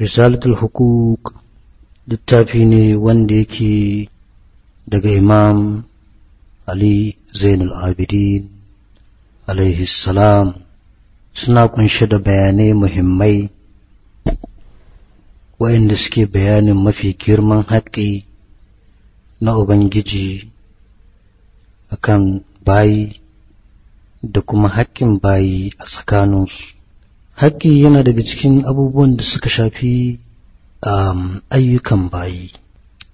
risalatul hukuk littafi ne wanda yake daga imam ali zainul abidin alaihi salam suna kunshe da bayanai muhimmai waɗanda suke bayanin mafi girman haƙƙi na ubangiji akan bayi da kuma haƙƙin bayi a tsakaninsu haƙƙi yana daga cikin abubuwan da suka shafi um, ayyukan bayi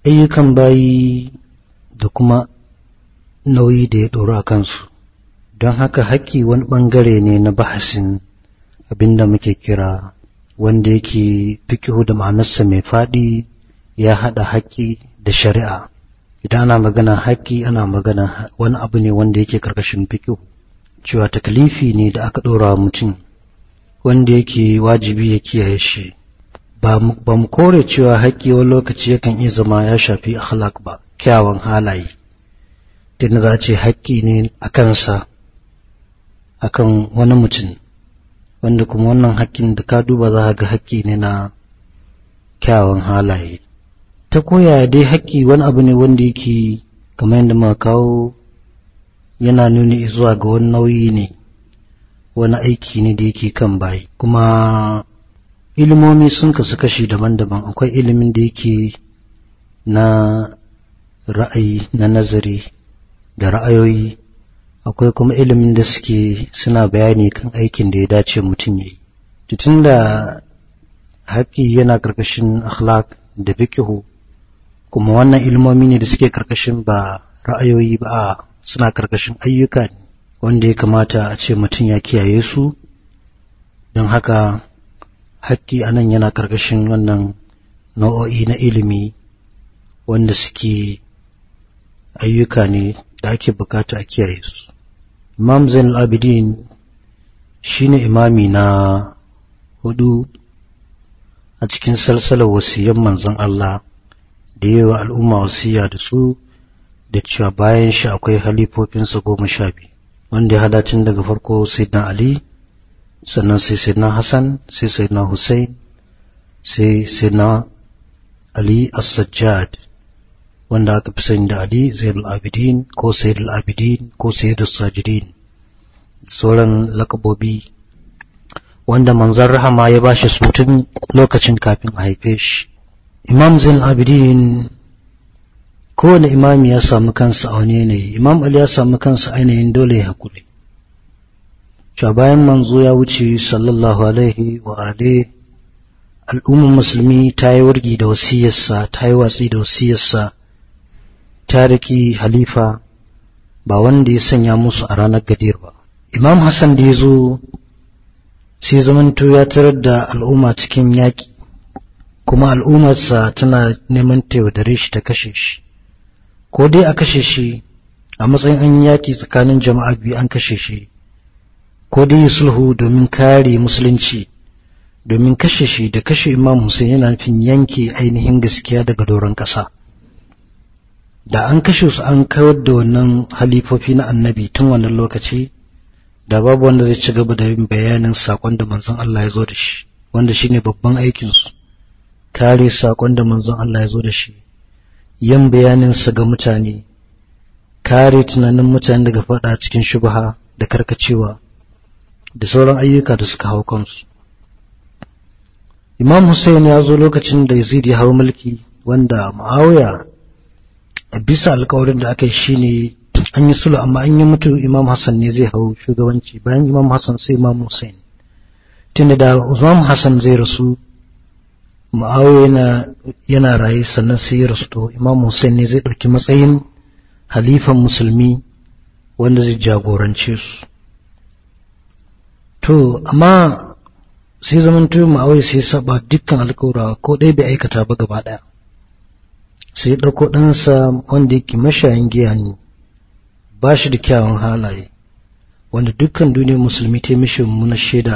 ayyukan bayi da kuma nauyi da ya ɗoro a kansu don haka haƙƙi wani ɓangare ne na bahasin abinda muke kira wanda yake fikihu da ma'anarsa mai faɗi ya haɗa haƙƙi da shari'a idan ana magana haƙƙi ana magana wani abu ne wanda yake ƙarƙashin fikihu cewa takalifi ne da aka ɗora mutum wanda yake wajibi ya kiyaye shi ba mu kore cewa haƙƙi wani lokaci yakan iya zama ya shafi akhlaq ba kyawun halaye din za ce haƙƙi ne a kansa akan wani mutum wanda kuma wannan haƙƙin da ka duba za ga haƙƙi ne na kyawun halaye ta koya dai haƙƙi wani abu ne wanda yake kamar yadda muka kawo yana nuni zuwa ga wani nauyi ne wani aiki ne da yake kan bayi kuma ilimomi sun kasu kashi daban-daban akwai ilimin da yake na ra'ayi na nazari da ra'ayoyi akwai kuma ilimin da suke suna bayani kan aikin da ya dace mutum ya yi tutun da haƙƙi yana ƙarƙashin akhlaq da fikihu kuma wannan ilimomi ne da suke ƙarƙashin ba ra'ayoyi ba suna ƙarƙashin ayyuka ne wanda ya kamata a ce mutum ya kiyaye su don haka haƙƙi a nan yana ƙarƙashin wannan nau'o'i na ilimi wanda suke ayyuka ne da ake bukata a kiyaye su imam zainul abidin shi ne imami na hudu a cikin salsalar wasiyan manzon Allah da yawa al'umma wasiya da su da cewa bayan shi akwai halifofinsa goma sha biyu wanda ya hada cin daga farko na ali sannan sai na hassan sai na hussein sai na ali as-sajjad wanda aka fi sani da ali zainul abidin ko sayyidul abidin ko sayyidus sajidin sauran lakabobi wanda manzon rahama ya bashi su tun lokacin kafin a haife shi imam zainul abidin kowane imami ya samu kansa a wani yanayi imam ali ya samu kansa ainihin dole ya haƙuri cewa bayan manzo ya wuce sallallahu alaihi wa alai al'ummar musulmi ta yi wargi da wasiyarsa ta yi watsi da wasiyarsa ta riki halifa ba wanda ya sanya musu a ranar gadir ba imam hassan da ya zo sai zamanto ya tarar da al'umma cikin yaƙi kuma al'ummarsa tana neman ta yaudare shi ta kashe shi ko dai a kashe shi a matsayin an yaki tsakanin jama'a biyu an kashe shi ko dai sulhu domin kare musulunci domin kashe shi da kashe imam Hussein yana nufin yanke ainihin gaskiya daga doron kasa da an kashe su an kawar da wannan halifofi na annabi tun wannan lokaci da babu wanda zai ci gaba da yin bayanin sakon da manzon Allah ya zo da shi wanda shine babban aikinsu kare sakon da manzon Allah ya zo da shi yin bayaninsa ga mutane kare tunanin mutane daga faɗa cikin shubha da karkacewa da sauran ayyuka da suka hau kansu imam hussein ya zo lokacin da yazid ya hau mulki wanda ma'awiya a bisa alkawarin da aka yi shi ne an yi sulhu amma an yi mutu imam hassan ne zai hau shugabanci bayan imam hassan sai imam hussein tunda da imam hassan zai rasu ma'awiya yana yana raye sannan sai ya rasu to imam hussein ne zai ɗauki matsayin halifan musulmi wanda zai jagorance su to amma sai zaman tuyo ma'awiya sai saba dukkan alkawura ko ɗaya bai aikata ba gaba ɗaya sai ɗauko ɗansa wanda yake mashayin giya ne ba shi da kyawun halaye wanda dukkan duniyar musulmi ta mishi mummunar shaida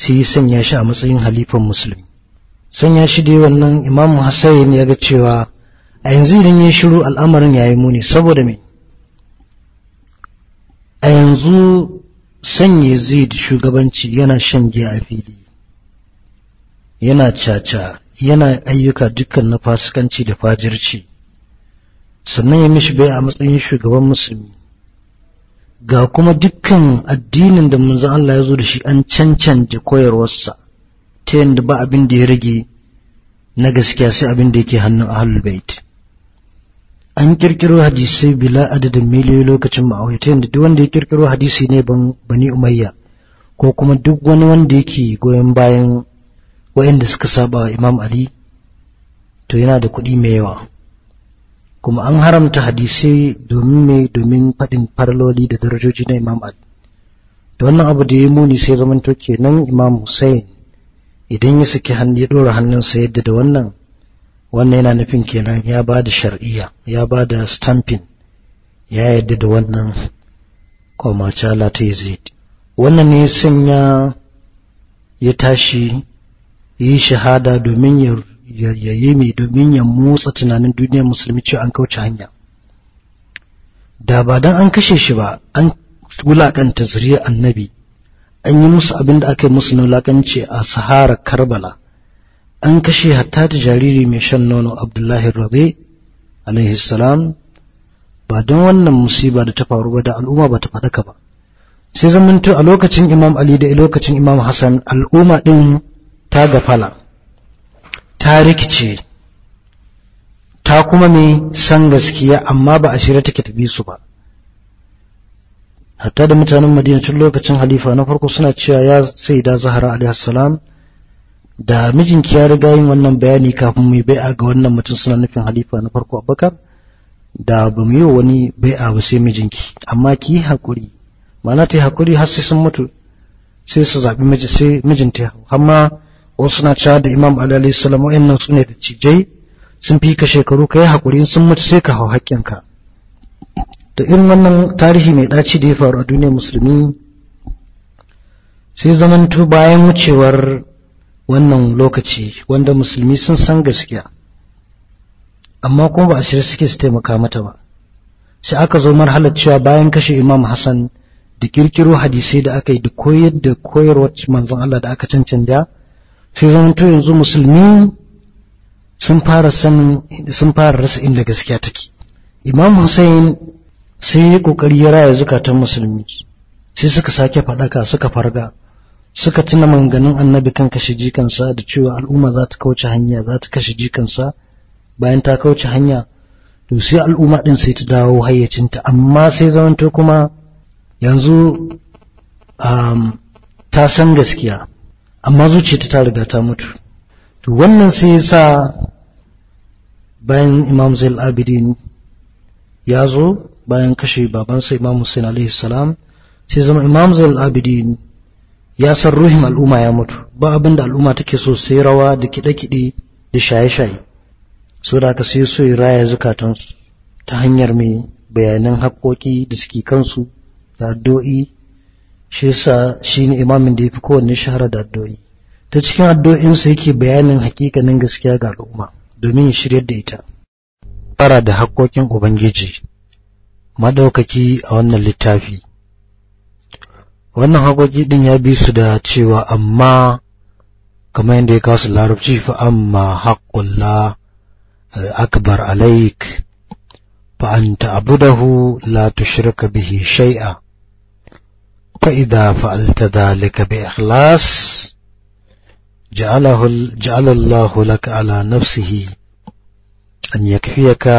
sai ya sanya shi a matsayin halifan musulmi sanya shi da wannan imamu hassan ya ga cewa a yanzu idan ya shiru al'amarin ya yi muni saboda me a yanzu sanya zid shugabanci yana shan giya a fili yana caca yana ayyuka dukkan na fasikanci da fajirci sannan ya mishi bai a matsayin shugaban musulmi ga kuma dukkan addinin da manzon Allah ya zo da shi an cancanta koyarwarsa ta yadda ba abin da ya rage na gaskiya sai abin da yake hannun ahalul bait an kirkiro hadisai bila adadin miliyoyi lokacin ma'auya ta yadda duk wanda ya kirkiro hadisi ne ban bani umayya ko kuma duk wani wanda yake goyon bayan wayanda suka saba wa imam ali to yana da kuɗi mai yawa kuma an haramta hadisai domin mai domin faɗin farloli da darajoji na imam ali da wannan abu da ya muni sai zamanto kenan imam hussein idan ya saki hannu ya dora hannunsa yadda da wannan wannan yana nufin kenan ya ba da shar'iyya ya ba da stamping ya yadda da wannan kwamacala ta yi wannan ne sanya ya tashi yi shahada domin ya yi mai domin ya motsa tunanin duniyar musulmi ce an kauce hanya da ba don an kashe shi ba an wulaƙanta zuri'ar annabi an yi musu abin da aka yi musu na wulakanci a sahara karbala an kashe hatta da jariri mai shan nono abdullahi rabe alaihi salam ba don wannan musiba da ta faru ba da al'umma ba ta faɗaka ba sai zamanto a lokacin imam ali da lokacin imam hassan al'umma ɗin ta gafala ta rikice ta kuma mai san gaskiya amma ba a shirya take tabi su ba hatta da mutanen madina tun lokacin halifa na farko suna cewa ya sai da zahara alaihi da mijinki ya riga yin wannan bayani kafin yi bai'a ga wannan mutum suna nufin halifa na farko abubakar da ba mu yi wani bai'a ba sai mijinki amma ki yi hakuri ma'ana ta yi hakuri har sai sun mutu sai su zaɓi miji sai yi amma wasu na cewa da imam ali alaihi salam wa'annan su ne da cijai sun fi ka shekaru ka yi hakuri in sun mutu sai ka hau haƙƙinka da irin wannan tarihi mai ɗaci da ya faru a duniyar musulmi sai zamanto bayan wucewar wannan lokaci wanda musulmi sun san gaskiya amma kuma ba a shirya suke su taimaka mata ba sai aka zo marhalar cewa bayan kashe imam hassan da kirkiro hadisai da aka yi da koyar da koyarwar manzon Allah da aka cancanta sai zamanto yanzu musulmi sun fara rasa inda gaskiya take imam hussein sai ya kokari ya raya zukatan musulmi sai suka sake faɗaka suka farga suka tuna manganin annabi kan kashe jikansa da cewa al'umma za ta kauce hanya za ta kashe jikansa bayan ta kauce hanya to sai al'umma din sai ta dawo hayyacinta amma sai zamanto kuma yanzu um, ta san gaskiya amma zuciyarta ta riga ta mutu to wannan sai ya sa bayan imam zail al'abidin ya zo bayan kashe babansa imam Hussein alaihi salam sai zama imam zai Abidin ya san ruhin al'umma ya mutu ba abin da al'umma take so sai rawa da kiɗe-kiɗe da shaye-shaye so da aka sai so raya zukatansu ta hanyar mai bayanan haƙoƙi da suke kansu da addu'o'i shi yasa ne imamin da ya fi kowanne shahara da addu'o'i ta cikin addu'o'insa yake bayanin hakikanin gaskiya ga al'umma domin ya shirya da ita fara da haƙoƙin ubangiji madaukaki a wannan littafi wannan haƙoƙi din ya bi su da cewa amma kamar yadda ya kasu larabci fa amma haqqullah akbar alaik fa anta abudahu la tushrika bihi shay'a fa idha fa'alta dhalika bi ikhlas ja'alahu ja'ala Allahu laka ala nafsihi an yakfiyaka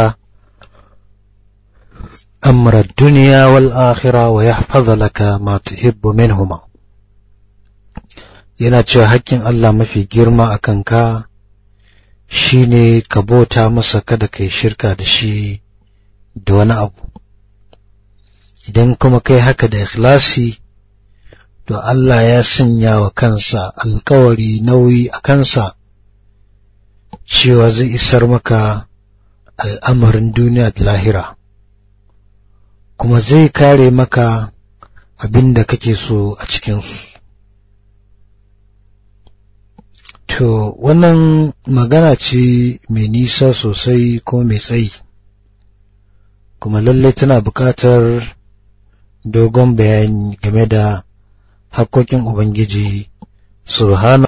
أمر الدنيا والآخرة ويحفظ لك ما تحب منهما yana cewa hakkin Allah mafi girma a kanka shi ne ka bauta masa kada kai shirka da shi da wani abu idan kuma kai haka da ikhlasi to Allah ya sanya wa kansa alkawari nauyi a kansa cewa zai isar maka al'amarin duniya da lahira kuma zai kare maka abin da kake so a cikinsu to wannan magana ce mai nisa sosai ko mai tsayi kuma lallai tana buƙatar dogon bayani game da haƙoƙin ubangiji subhanahu